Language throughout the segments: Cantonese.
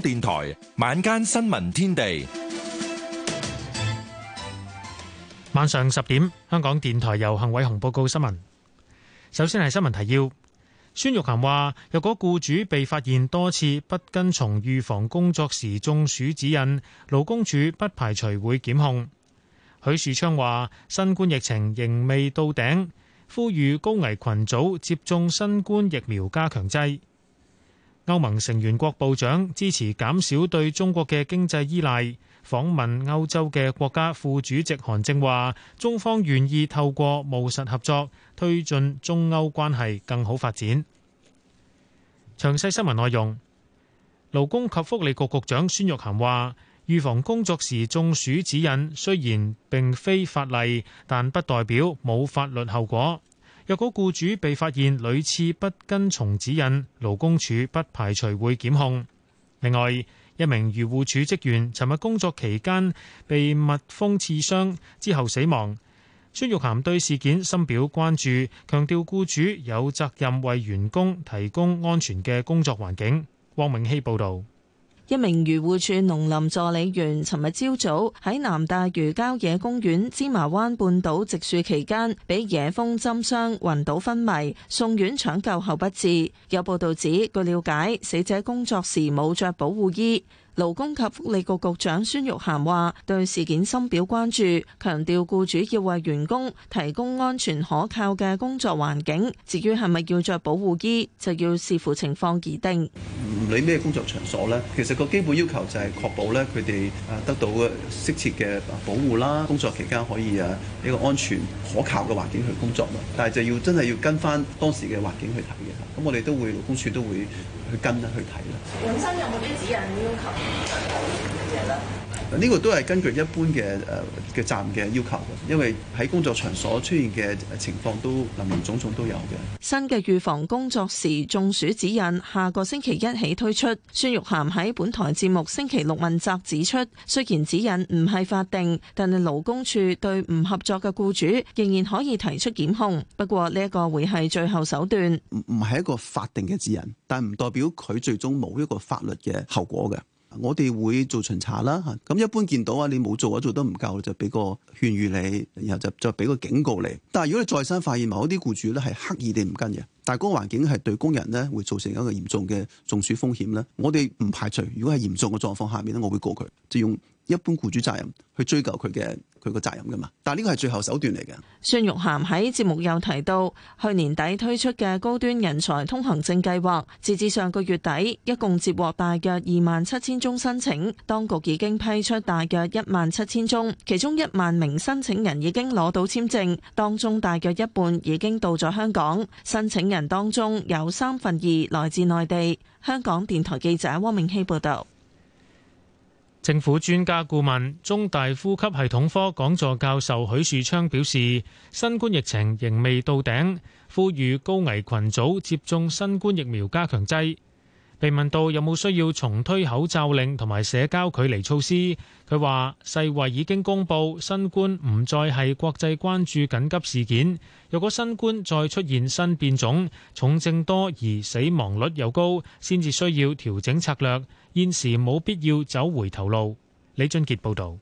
電台晚間新聞天地，晚上十點，香港電台由幸偉雄報告新聞。首先係新聞提要，孫玉菡話：若果僱主被發現多次不跟從預防工作時中暑指引，勞工處不排除會檢控。許樹昌話：新冠疫情仍未到頂，呼籲高危群組接種新冠疫苗加強劑。歐盟成員國部長支持減少對中國嘅經濟依賴。訪問歐洲嘅國家副主席韓正話：中方願意透過務實合作，推進中歐關係更好發展。詳細新聞內容，勞工及福利局局長孫玉菡話：預防工作時中暑指引雖然並非法例，但不代表冇法律後果。若果雇主被發現屢次不跟從指引，勞工處不排除會檢控。另外，一名漁護署職員尋日工作期間被蜜蜂刺傷之後死亡。孫玉涵對事件深表關注，強調雇主有責任為員工提供安全嘅工作環境。汪永熙報導。一名漁護處農林助理員，尋日朝早喺南大嶼郊野公園芝麻灣半島植樹期間，俾野蜂針傷，暈倒昏迷，送院搶救後不治。有報道指，據了解，死者工作時冇着保護衣。勞工及福利局局長孫玉菡話，對事件深表關注，強調僱主要為員工提供安全可靠嘅工作環境。至於係咪要着保護衣，就要視乎情況而定。唔理咩工作場所咧，其實個基本要求就係確保咧佢哋啊得到適切嘅保護啦，工作期間可以啊呢個安全可靠嘅環境去工作啦。但係就要真係要跟翻當時嘅環境去睇嘅，咁我哋都會勞工處都會跟去跟啦，去睇啦。本身有冇啲指引要求好嘅嘢啦。呢個都係根據一般嘅誒嘅站嘅要求，因為喺工作場所出現嘅情況都林林總總都有嘅。新嘅預防工作時中暑指引下個星期一起推出。孫玉菡喺本台節目星期六問責指出，雖然指引唔係法定，但係勞工處對唔合作嘅僱主仍然可以提出檢控，不過呢一個會係最後手段。唔係一個法定嘅指引，但唔代表佢最終冇一個法律嘅後果嘅。我哋會做巡查啦，咁一般見到啊，你冇做啊，做得唔夠就俾個勸喻你，然後就再俾個警告你。但係如果你再三發現某一啲僱主咧係刻意地唔跟嘅，但係嗰個環境係對工人咧會造成一個嚴重嘅中暑風險咧，我哋唔排除，如果係嚴重嘅狀況下面咧，我會告佢，即用。一般雇主責任去追究佢嘅，佢個責任噶嘛，但係呢個係最後手段嚟嘅。孫玉菡喺節目又提到，去年底推出嘅高端人才通行證計劃，截至上個月底，一共接獲大約二萬七千宗申請，當局已經批出大約一萬七千宗，其中一萬名申請人已經攞到簽證，當中大約一半已經到咗香港。申請人當中有三分二來自內地。香港電台記者汪明希報道。政府專家顧問、中大呼吸系統科講座教授許樹昌表示，新冠疫情仍未到頂，呼籲高危群組接種新冠疫苗加強劑。被問到有冇需要重推口罩令同埋社交距離措施，佢話世衞已經公佈新冠唔再係國際關注緊急事件。若果新冠再出現新變種，重症多而死亡率又高，先至需要調整策略。現時冇必要走回頭路。李俊傑報導。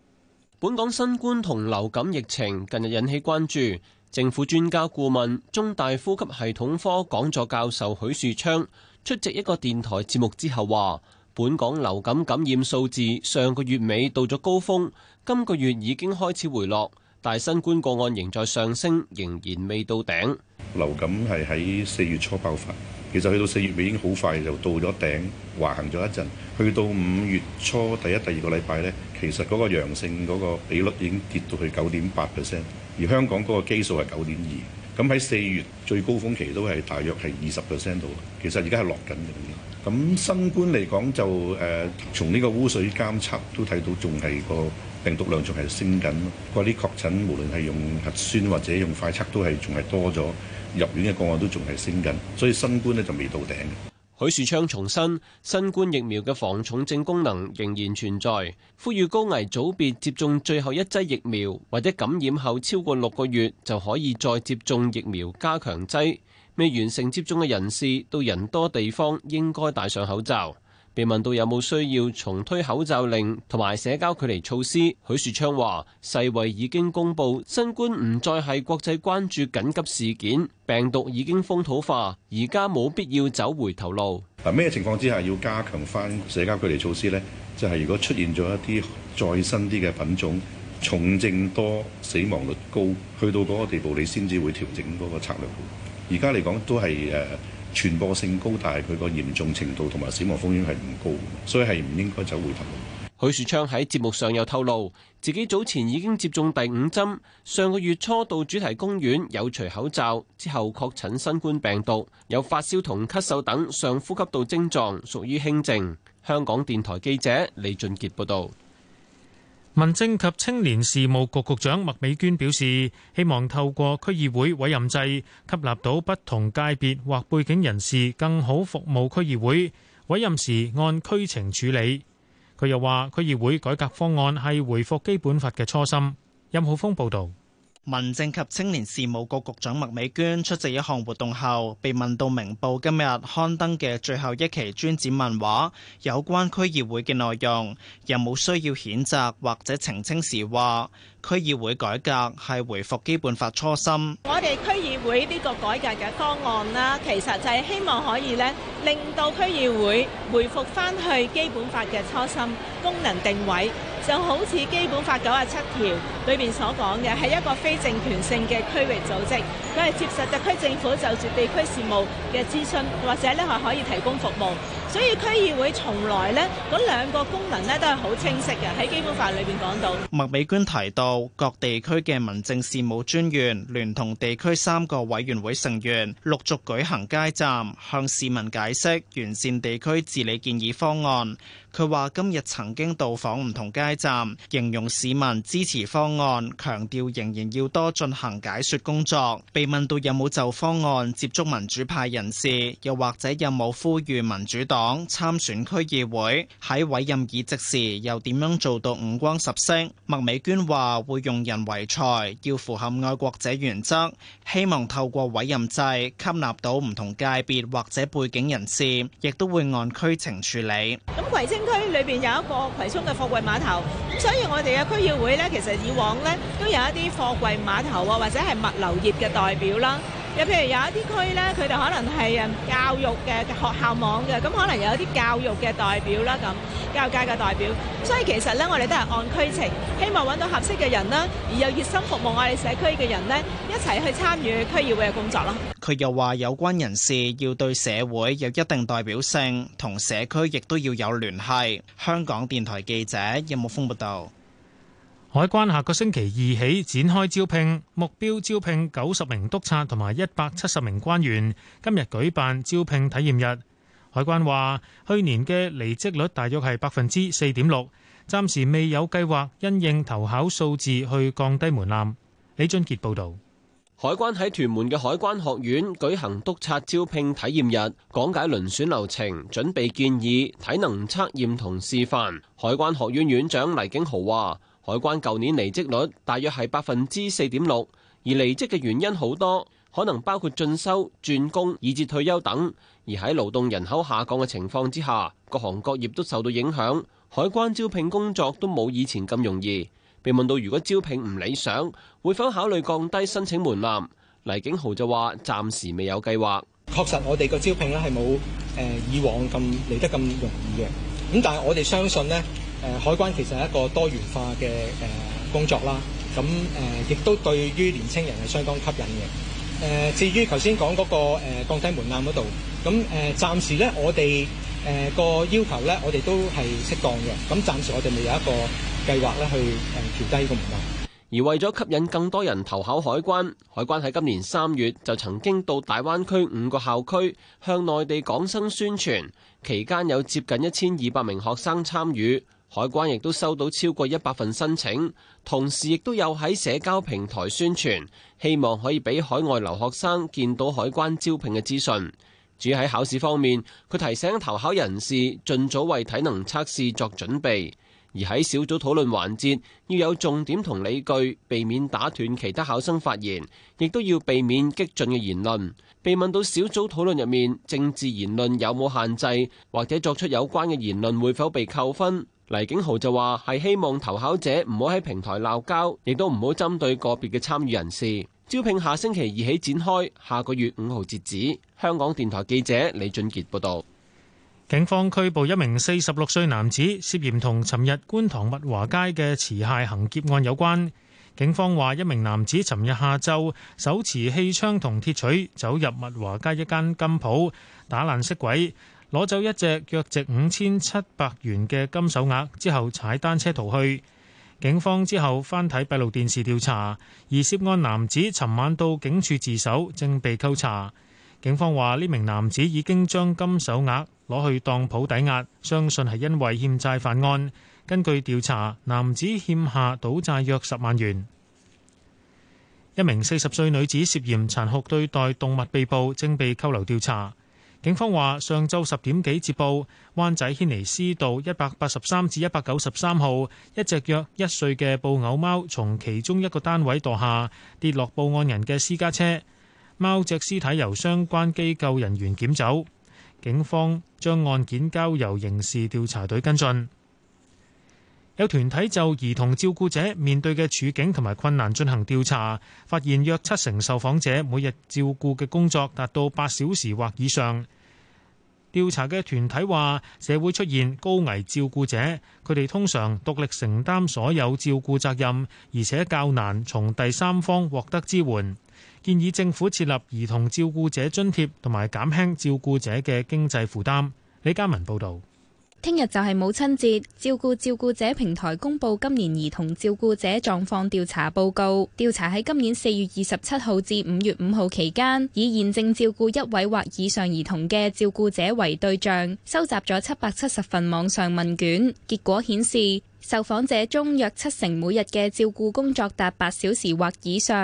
本港新冠同流感疫情近日引起關注，政府專家顧問、中大呼吸系統科講座教授許樹昌出席一個電台節目之後話：本港流感感染數字上個月尾到咗高峰，今個月已經開始回落，但新冠個案仍在上升，仍然未到頂。流感係喺四月初爆發，其實去到四月尾已經好快就到咗頂，橫行咗一陣，去到五月初第一、第二個禮拜呢，其實嗰個陽性嗰個比率已經跌到去九點八 percent，而香港嗰個基數係九點二。咁喺四月最高峰期都係大約係二十 percent 度，其實而家係落緊嘅。咁新冠嚟講就，就、呃、誒，從呢個污水監測都睇到，仲係個病毒量仲係升緊。嗰啲確診無論係用核酸或者用快測都係仲係多咗，入院嘅個案都仲係升緊，所以新冠咧就未到頂。許樹昌重申，新冠疫苗嘅防重症功能仍然存在，呼籲高危組別接種最後一劑疫苗，或者感染後超過六個月就可以再接種疫苗加強劑。未完成接種嘅人士，到人多地方應該戴上口罩。被問到有冇需要重推口罩令同埋社交距離措施，許樹昌話：世衛已經公佈新冠唔再係國際關注緊急事件，病毒已經風土化，而家冇必要走回頭路。嗱，咩情況之下要加強翻社交距離措施呢？就係如果出現咗一啲再新啲嘅品種，重症多、死亡率高，去到嗰個地步，你先至會調整嗰個策略。而家嚟講都係誒，傳播性高，但係佢個嚴重程度同埋死亡風險係唔高，所以係唔應該走回頭路。許樹昌喺節目上又透露，自己早前已經接種第五針，上個月初到主題公園有除口罩，之後確診新冠病毒，有發燒同咳嗽等上呼吸道症狀，屬於輕症。香港電台記者李俊傑報道。民政及青年事務局局長麥美娟表示，希望透過區議會委任制，吸納到不同界別或背景人士，更好服務區議會。委任時按區情處理。佢又話，區議會改革方案係回復基本法嘅初心。任浩峰報道。民政及青年事務局局長麥美娟出席一項活動後，被問到《明報》今日刊登嘅最後一期尊子漫畫有關區議會嘅內容有冇需要譴責或者澄清時，話區議會改革係回復基本法初心。我哋區議會呢個改革嘅方案啦，其實就係希望可以咧令到區議會回復翻去基本法嘅初心、功能定位。就好似基本法九十七條裏面所講嘅，係一個非政權性嘅區域組織，佢係接受特區政府就住地區事務嘅諮詢，或者呢係可以提供服務。所以區議會從來呢，嗰兩個功能呢，都係好清晰嘅，喺基本法裏邊講到。麥美娟提到，各地區嘅民政事務專員聯同地區三個委員會成員，陸續舉行街站，向市民解釋完善地區治理建議方案。佢話今日曾經到訪唔同街站，形容市民支持方案，強調仍然要多進行解說工作。被問到有冇就方案接觸民主派人士，又或者有冇呼籲民主黨，講參選區議會喺委任議席時又點樣做到五光十色？麥美娟話會用人唯才，要符合愛國者原則，希望透過委任制吸納到唔同界別或者背景人士，亦都會按區情處理。咁葵青區裏邊有一個葵涌嘅貨櫃碼頭，所以我哋嘅區議會呢，其實以往呢，都有一啲貨櫃碼頭啊或者係物流業嘅代表啦。又譬如有一啲區咧，佢哋可能係誒教育嘅學校網嘅，咁可能有一啲教育嘅代表啦咁，教育界嘅代表。所以其實咧，我哋都係按區情，希望揾到合適嘅人啦，而又熱心服務我哋社區嘅人咧，一齊去參與區議會嘅工作咯。佢又話：有關人士要對社會有一定代表性，同社區亦都要有聯繫。香港電台記者任木風報道。海關下個星期二起展開招聘，目標招聘九十名督察同埋一百七十名官員。今日舉辦招聘體驗日。海關話，去年嘅離職率大約係百分之四點六，暫時未有計劃因應投考數字去降低門檻。李俊杰報道，海關喺屯門嘅海關學院舉行督察招聘體驗日，講解遴選流程、準備建議、體能測驗同示範。海關學院院長黎景豪話。海關舊年離職率大約係百分之四點六，而離職嘅原因好多，可能包括進修、轉工、以至退休等。而喺勞動人口下降嘅情況之下，各行各業都受到影響，海關招聘工作都冇以前咁容易。被問到如果招聘唔理想，會否考慮降低申請門檻？黎景豪就話：暫時未有計劃。確實，我哋個招聘呢係冇以往咁嚟得咁容易嘅。咁但係我哋相信呢。誒海關其實係一個多元化嘅誒工作啦，咁誒亦都對於年青人係相當吸引嘅。誒至於頭先講嗰個誒降低門檻嗰度，咁誒暫時咧我哋誒個要求咧，我哋都係適當嘅。咁暫時我哋未有一個計劃咧去誒調低個門檻。而為咗吸引更多人投考海關，海關喺今年三月就曾經到大灣區五個校區向內地港生宣傳，期間有接近一千二百名學生參與。海關亦都收到超過一百份申請，同時亦都有喺社交平台宣傳，希望可以俾海外留學生見到海關招聘嘅資訊。至於喺考試方面，佢提醒投考人士盡早為體能測試作準備，而喺小組討論環節要有重點同理據，避免打斷其他考生發言，亦都要避免激進嘅言論。被問到小組討論入面政治言論有冇限制，或者作出有關嘅言論會否被扣分？黎景豪就話：係希望投考者唔好喺平台鬧交，亦都唔好針對個別嘅參與人士。招聘下星期二起展開，下個月五號截止。香港電台記者李俊傑報道。警方拘捕一名四十六歲男子，涉嫌同尋日觀塘物華街嘅持械行劫案有關。警方話，一名男子尋日下晝手持氣槍同鐵錘走入物華街一間金鋪，打爛色鬼。攞走一隻約值五千七百元嘅金手鐲之後，踩單車逃去。警方之後翻睇閉路電視調查，而涉案男子尋晚到警署自首，正被扣查。警方話呢名男子已經將金手鐲攞去當鋪抵押，相信係因為欠債犯案。根據調查，男子欠下賭債約十萬元。一名四十歲女子涉嫌殘酷對待動物被捕，正被扣留調查。警方話：上晝十點幾接報，灣仔軒尼詩道一百八十三至一百九十三號一隻約一歲嘅布偶貓從其中一個單位墮下，跌落報案人嘅私家車，貓隻屍體由相關機構人員撿走，警方將案件交由刑事調查隊跟進。有團體就兒童照顧者面對嘅處境同埋困難進行調查，發現約七成受訪者每日照顧嘅工作達到八小時或以上。調查嘅團體話：社會出現高危照顧者，佢哋通常獨力承擔所有照顧責任，而且較難從第三方獲得支援。建議政府設立兒童照顧者津貼，同埋減輕照顧者嘅經濟負擔。李嘉文報導。聽日就係母親節，照顧照顧者平台公佈今年兒童照顧者狀況調查報告。調查喺今年四月二十七號至五月五號期間，以現正照顧一位或以上兒童嘅照顧者為對象，收集咗七百七十份網上問卷。結果顯示：受訪者中約七成每日嘅照顧工作達八小時或以上，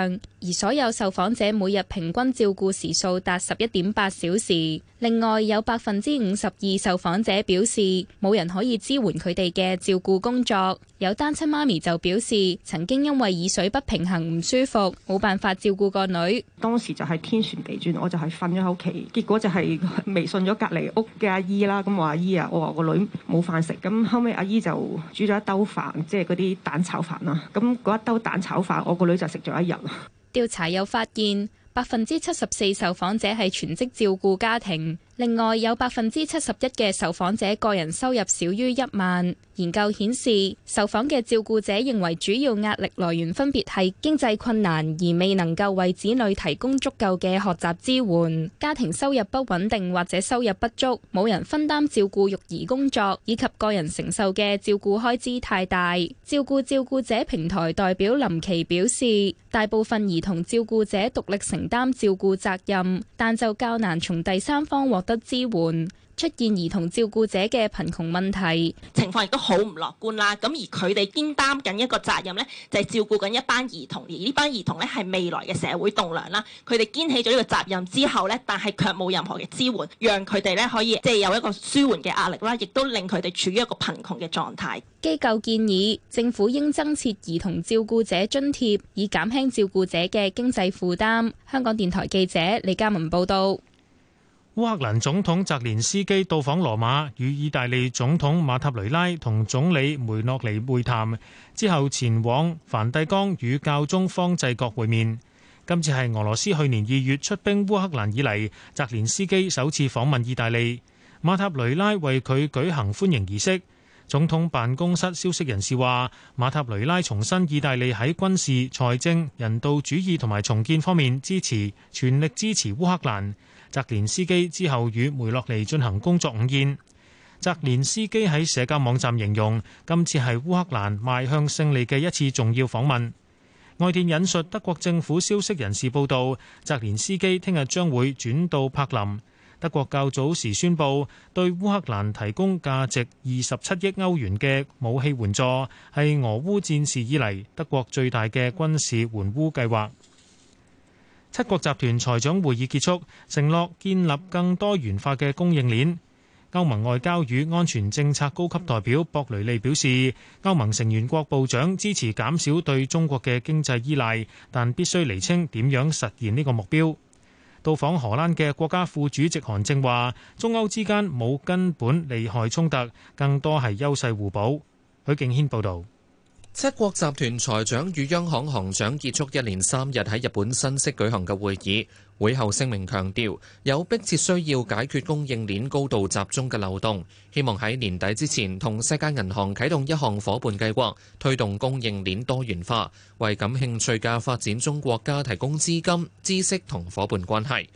而所有受訪者每日平均照顧時數達十一點八小時。另外有百分之五十二受訪者表示冇人可以支援佢哋嘅照顧工作。有單親媽咪就表示曾經因為耳水不平衡唔舒服，冇辦法照顧個女。當時就係天旋地轉，我就係瞓咗喺屋企，結果就係微信咗隔離屋嘅阿姨啦。咁我阿姨啊，我話個女冇飯食，咁後尾阿姨就煮咗兜飯即係嗰啲蛋炒飯啊。咁嗰一兜蛋炒飯，我個女就食咗一日啦。調查又發現，百分之七十四受訪者係全職照顧家庭。另外有百分之七十一嘅受訪者個人收入少於一萬。研究顯示，受訪嘅照顧者認為主要壓力來源分別係經濟困難，而未能夠為子女提供足夠嘅學習支援；家庭收入不穩定或者收入不足，冇人分擔照顧育兒工作，以及個人承受嘅照顧開支太大。照顧照顧者平台代表林奇表示，大部分兒童照顧者獨立承擔照顧責任，但就較難從第三方獲。得支援，出現兒童照顧者嘅貧窮問題情況，亦都好唔樂觀啦。咁而佢哋肩擔緊一個責任呢，就係照顧緊一班兒童，而呢班兒童呢，係未來嘅社會棟樑啦。佢哋肩起咗呢個責任之後呢，但係卻冇任何嘅支援，讓佢哋呢可以即係有一個舒緩嘅壓力啦，亦都令佢哋處於一個貧窮嘅狀態。機構建議政府應增設兒童照顧者津貼，以減輕照顧者嘅經濟負擔。香港電台記者李嘉文報道。烏克蘭總統澤連斯基到訪羅馬，與意大利總統馬塔雷拉同總理梅諾尼會談之後，前往梵蒂岡與教宗方濟各會面。今次係俄羅斯去年二月出兵烏克蘭以嚟，澤連斯基首次訪問意大利。馬塔雷拉為佢舉行歡迎儀式。總統辦公室消息人士話，馬塔雷拉重申意大利喺軍事、財政、人道主義同埋重建方面支持，全力支持烏克蘭。澤連斯基之後與梅洛尼進行工作午宴。澤連斯基喺社交網站形容，今次係烏克蘭邁向勝利嘅一次重要訪問。外電引述德國政府消息人士報道，澤連斯基聽日將會轉到柏林。德國較早時宣布，對烏克蘭提供價值二十七億歐元嘅武器援助，係俄烏戰事以嚟德國最大嘅軍事援烏計劃。七國集團財長會議結束，承諾建立更多元化嘅供應鏈。歐盟外交與安全政策高級代表博雷利表示，歐盟成員國部長支持減少對中國嘅經濟依賴，但必須釐清點樣實現呢個目標。到訪荷蘭嘅國家副主席韓正話，中歐之間冇根本利害衝突，更多係優勢互補。許敬軒報導。七國集團財長與央行行長結束一連三日喺日本新潟舉行嘅會議，會後聲明強調，有迫切需要解決供應鏈高度集中嘅漏洞，希望喺年底之前同世界銀行啟動一項伙伴計劃，推動供應鏈多元化，為感興趣嘅發展中國家提供資金、知識同伙伴關係。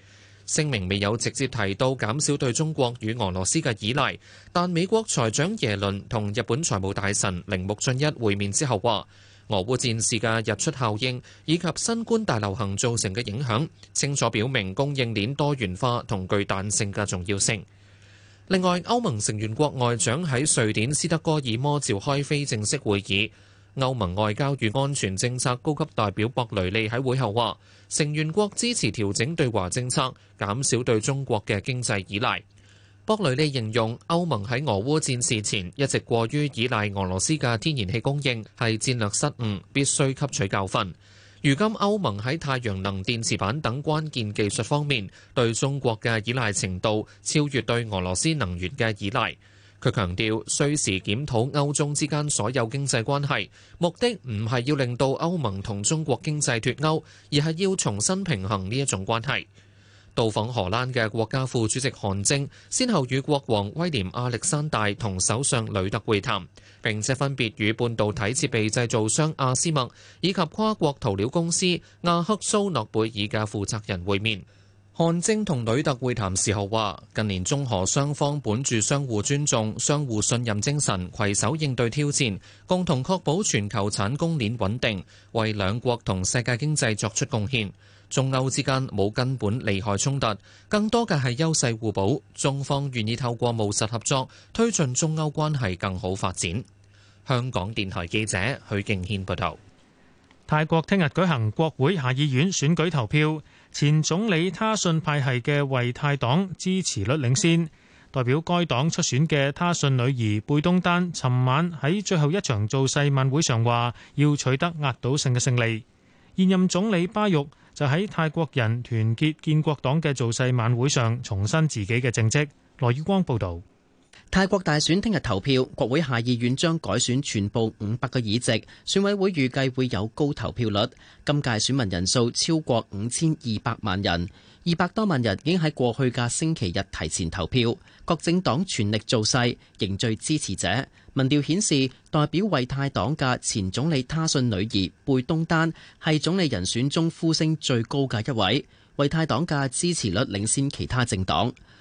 聲明未有直接提到減少對中國與俄羅斯嘅依賴，但美國財長耶倫同日本財務大臣鈴木俊一會面之後話，俄烏戰事嘅溢出效應以及新冠大流行造成嘅影響，清楚表明供應鏈多元化同具彈性嘅重要性。另外，歐盟成員國外長喺瑞典斯德哥爾摩召開非正式會議。歐盟外交與安全政策高級代表博雷利喺會後話，成員國支持調整對華政策，減少對中國嘅經濟依賴。博雷利形容歐盟喺俄烏戰事前一直過於依賴俄羅斯嘅天然氣供應，係戰略失誤，必須吸取教訓。如今歐盟喺太陽能電池板等關鍵技術方面對中國嘅依賴程度，超越對俄羅斯能源嘅依賴。佢強調，需時檢討歐中之間所有經濟關係，目的唔係要令到歐盟同中國經濟脫鉤，而係要重新平衡呢一種關係。到訪荷蘭嘅國家副主席韓正，先後與國王威廉亞歷山大同首相呂特會談，並且分別與半導體設備製造商亞斯麥以及跨國塗料公司亞克蘇諾貝爾嘅負責人會面。韓正同呂特會談時候話：近年中荷雙方本住相互尊重、相互信任精神，攜手應對挑戰，共同確保全球產供鏈穩定，為兩國同世界經濟作出貢獻。中歐之間冇根本利害衝突，更多嘅係優勢互補。中方願意透過務實合作，推進中歐關係更好發展。香港電台記者許敬軒報道。泰國聽日舉行國會下議院選舉投票，前總理他信派系嘅為泰黨支持率領先。代表該黨出選嘅他信女兒貝東丹，尋晚喺最後一場造勢晚會上話要取得壓倒性嘅勝利。現任總理巴育就喺泰國人團結建國黨嘅造勢晚會上重申自己嘅政績。羅宇光報道。泰國大選聽日投票，國會下議院將改選全部五百個議席，選委會預計會有高投票率。今屆選民人數超過五千二百萬人，二百多萬人已經喺過去嘅星期日提前投票。各政黨全力造勢，凝聚支持者。民調顯示，代表維泰黨嘅前總理他信女兒貝東丹係總理人選中呼聲最高嘅一位。維泰黨嘅支持率領先其他政黨。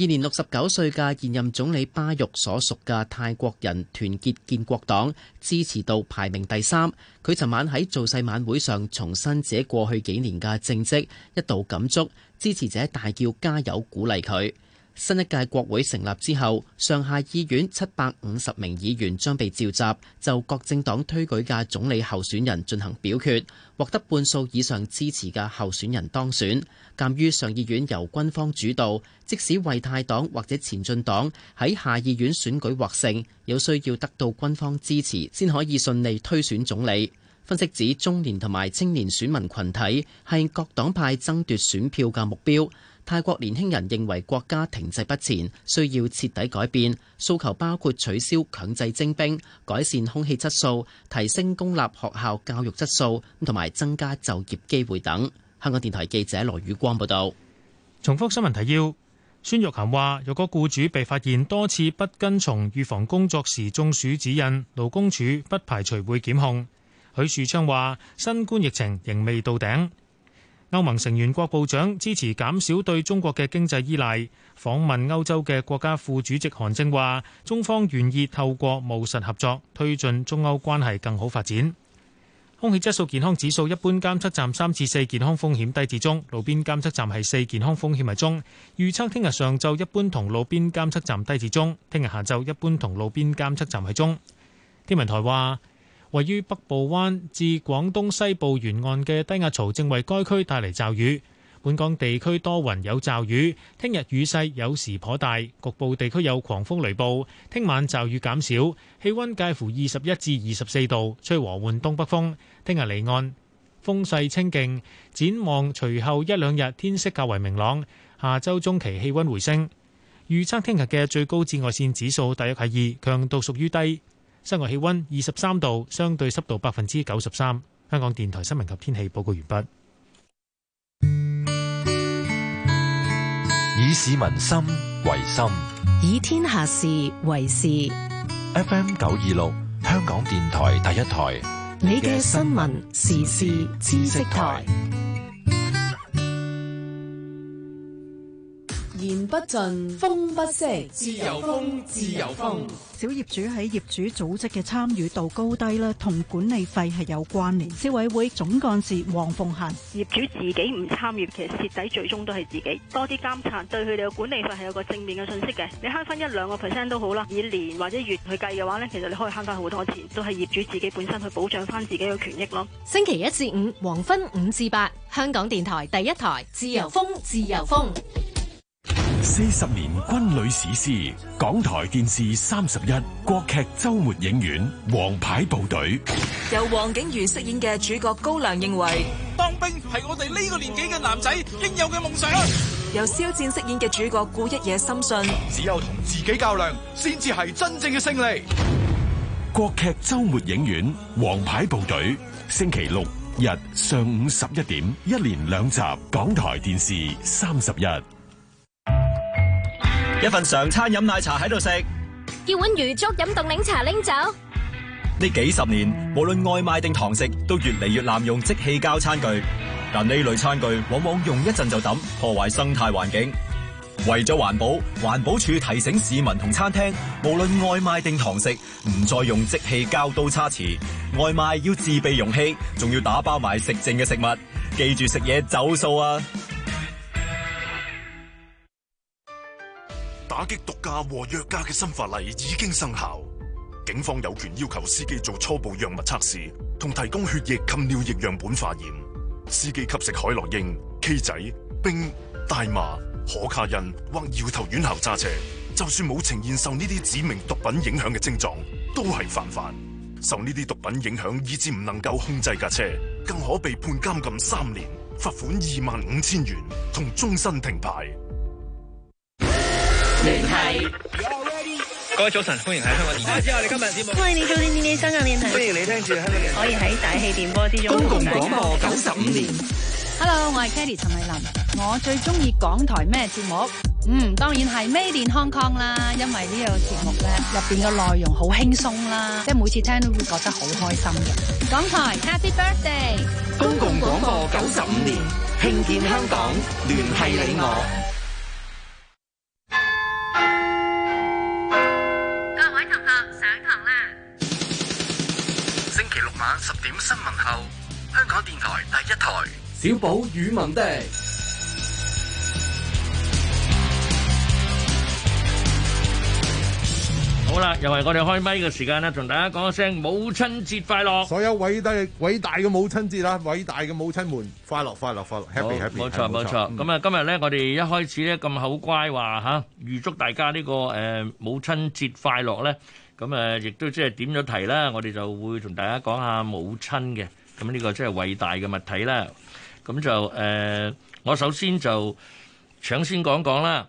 現年六十九歲嘅現任總理巴育所屬嘅泰國人團結建國黨支持度排名第三。佢尋晚喺造勢晚會上重申自己過去幾年嘅政績，一度感觸，支持者大叫加油，鼓勵佢。新一屆國會成立之後，上下議院七百五十名議員將被召集，就各政黨推舉嘅總理候選人進行表決，獲得半數以上支持嘅候選人當選。鑑於上議院由軍方主導，即使為泰黨或者前進黨喺下議院選舉獲勝，有需要得到軍方支持先可以順利推選總理。分析指中年同埋青年選民群體係各黨派爭奪選票嘅目標。泰國年輕人認為國家停滯不前，需要徹底改變，訴求包括取消強制徵兵、改善空氣質素、提升公立學校教育質素，同埋增加就業機會等。香港電台記者羅宇光報道。重複新聞提要：孫玉菡話，有個僱主被發現多次不跟從預防工作時中暑指引，勞工處不排除會檢控。許樹昌話，新冠疫情仍未到頂。歐盟成員國部長支持減少對中國嘅經濟依賴。訪問歐洲嘅國家副主席韓正話，中方願意透過務實合作，推進中歐關係更好發展。空氣質素健康指數一般監測站三至四，健康風險低至中；路邊監測站係四，健康風險係中。預測聽日上晝一般同路邊監測站低至中，聽日下晝一般同路邊監測站係中。天文台話。位於北部灣至廣東西部沿岸嘅低壓槽正為該區帶嚟驟雨，本港地區多雲有驟雨，聽日雨勢有時頗大，局部地區有狂風雷暴。聽晚驟雨減少，氣温介乎二十一至二十四度，吹和緩東北風。聽日離岸，風勢清勁。展望隨後一兩日天色較為明朗，下周中期氣温回升。預測聽日嘅最高紫外線指數大約係二，強度屬於低。室外氣温二十三度，相對濕度百分之九十三。香港電台新聞及天氣報告完畢。以市民心為心，以天下事為事。FM 九二六，香港電台第一台，你嘅新聞時事知識台。言不盡，風不息，自由風，自由風。小業主喺業主組織嘅參與度高低啦，同管理費係有關聯。消委、嗯、會總幹事黃鳳嫻：業主自己唔參與，其實蝕底最終都係自己。多啲監察對佢哋嘅管理費係有個正面嘅信息嘅。你慳翻一兩個 percent 都好啦，以年或者月去計嘅話咧，其實你可以慳翻好多錢，都係業主自己本身去保障翻自己嘅權益咯。星期一至五黃昏五至八，香港電台第一台，自由風，自由風。四十年軍旅史詩，港台電視三十一，國劇周末影院，王牌部隊。由黃景瑜飾演嘅主角高粱認為，當兵係我哋呢個年紀嘅男仔應有嘅夢想。由肖戰飾演嘅主角顧一野深信，只有同自己較量，先至係真正嘅勝利。國劇周末影院，王牌部隊，星期六日上午十一點，一連兩集，港台電視三十一。一份常餐飲奶茶喺度食，叫碗魚粥飲凍檸茶拎走。呢幾十年，無論外賣定堂食，都越嚟越濫用即棄膠餐具。但呢類餐具往往用一陣就抌，破壞生態環境。為咗環保，環保署提醒市民同餐廳，無論外賣定堂食，唔再用即棄膠刀叉匙。外賣要自備容器，仲要打包埋食剩嘅食物。記住食嘢走塑啊！打擊毒駕和藥駕嘅新法例已經生效，警方有權要求司機做初步藥物測試，同提供血液及尿液樣本化驗。司機吸食海洛因、K 仔、冰、大麻、可卡因或搖頭丸後揸車，就算冇呈現受呢啲指明毒品影響嘅症狀，都係犯法。受呢啲毒品影響，以致唔能夠控制架車，更可被判監禁三年，罰款二萬五千元，同終身停牌。係 you're ready. 各位早晨，歡迎喺香港電台。歡迎你做天天香港電台。歡迎你聽住香港電台。 可以喺大氣電波之中。公共廣播九十五年。Hello，我係 Kelly 陳慧琳。我最中意港台咩節目？嗯，當然係 Made in Hong Kong 啦，因為呢個節目咧入邊嘅內容好輕鬆啦，即係每次聽都會覺得好開心嘅。港台 Happy Birthday，公共廣播九十五年，年慶建香港，聯繫你我。六晚十點新聞後，香港電台第一台小寶與文迪。好啦，又係我哋開咪嘅時間啦，同大家講一聲母親節快樂！所有偉大嘅偉大嘅母親節啦，偉大嘅母親們，快樂快樂快樂好！Happy Happy！冇錯冇錯。咁啊，嗯、今日咧，我哋一開始咧咁好乖話吓，預祝大家呢個誒母親節快樂咧。咁誒，亦都即係點咗題啦。我哋就會同大家講下母親嘅，咁呢個即係偉大嘅物體啦。咁就誒、呃，我首先就搶先講講啦，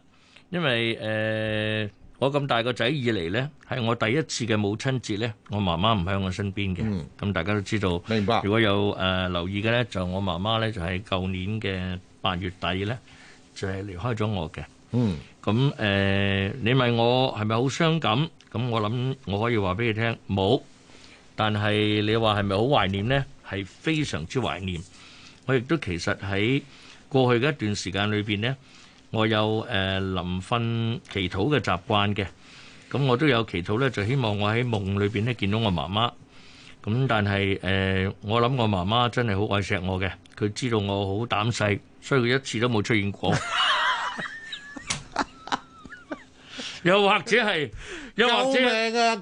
因為誒、呃，我咁大個仔以嚟咧，喺我第一次嘅母親節咧，我媽媽唔喺我身邊嘅。咁、嗯、大家都知道，明白。如果有誒、呃、留意嘅咧，就我媽媽咧就喺、是、舊年嘅八月底咧就係、是、離開咗我嘅、嗯嗯。嗯，咁誒，你問我係咪好傷感？咁我諗我可以話俾你聽冇，但係你話係咪好懷念呢？係非常之懷念。我亦都其實喺過去嘅一段時間裏邊呢，我有誒、呃、臨瞓祈禱嘅習慣嘅。咁、嗯、我都有祈禱呢，就希望我喺夢裏邊呢見到我媽媽。咁、嗯、但係誒、呃，我諗我媽媽真係好愛錫我嘅，佢知道我好膽細，所以佢一次都冇出現過。 又或者係又或者。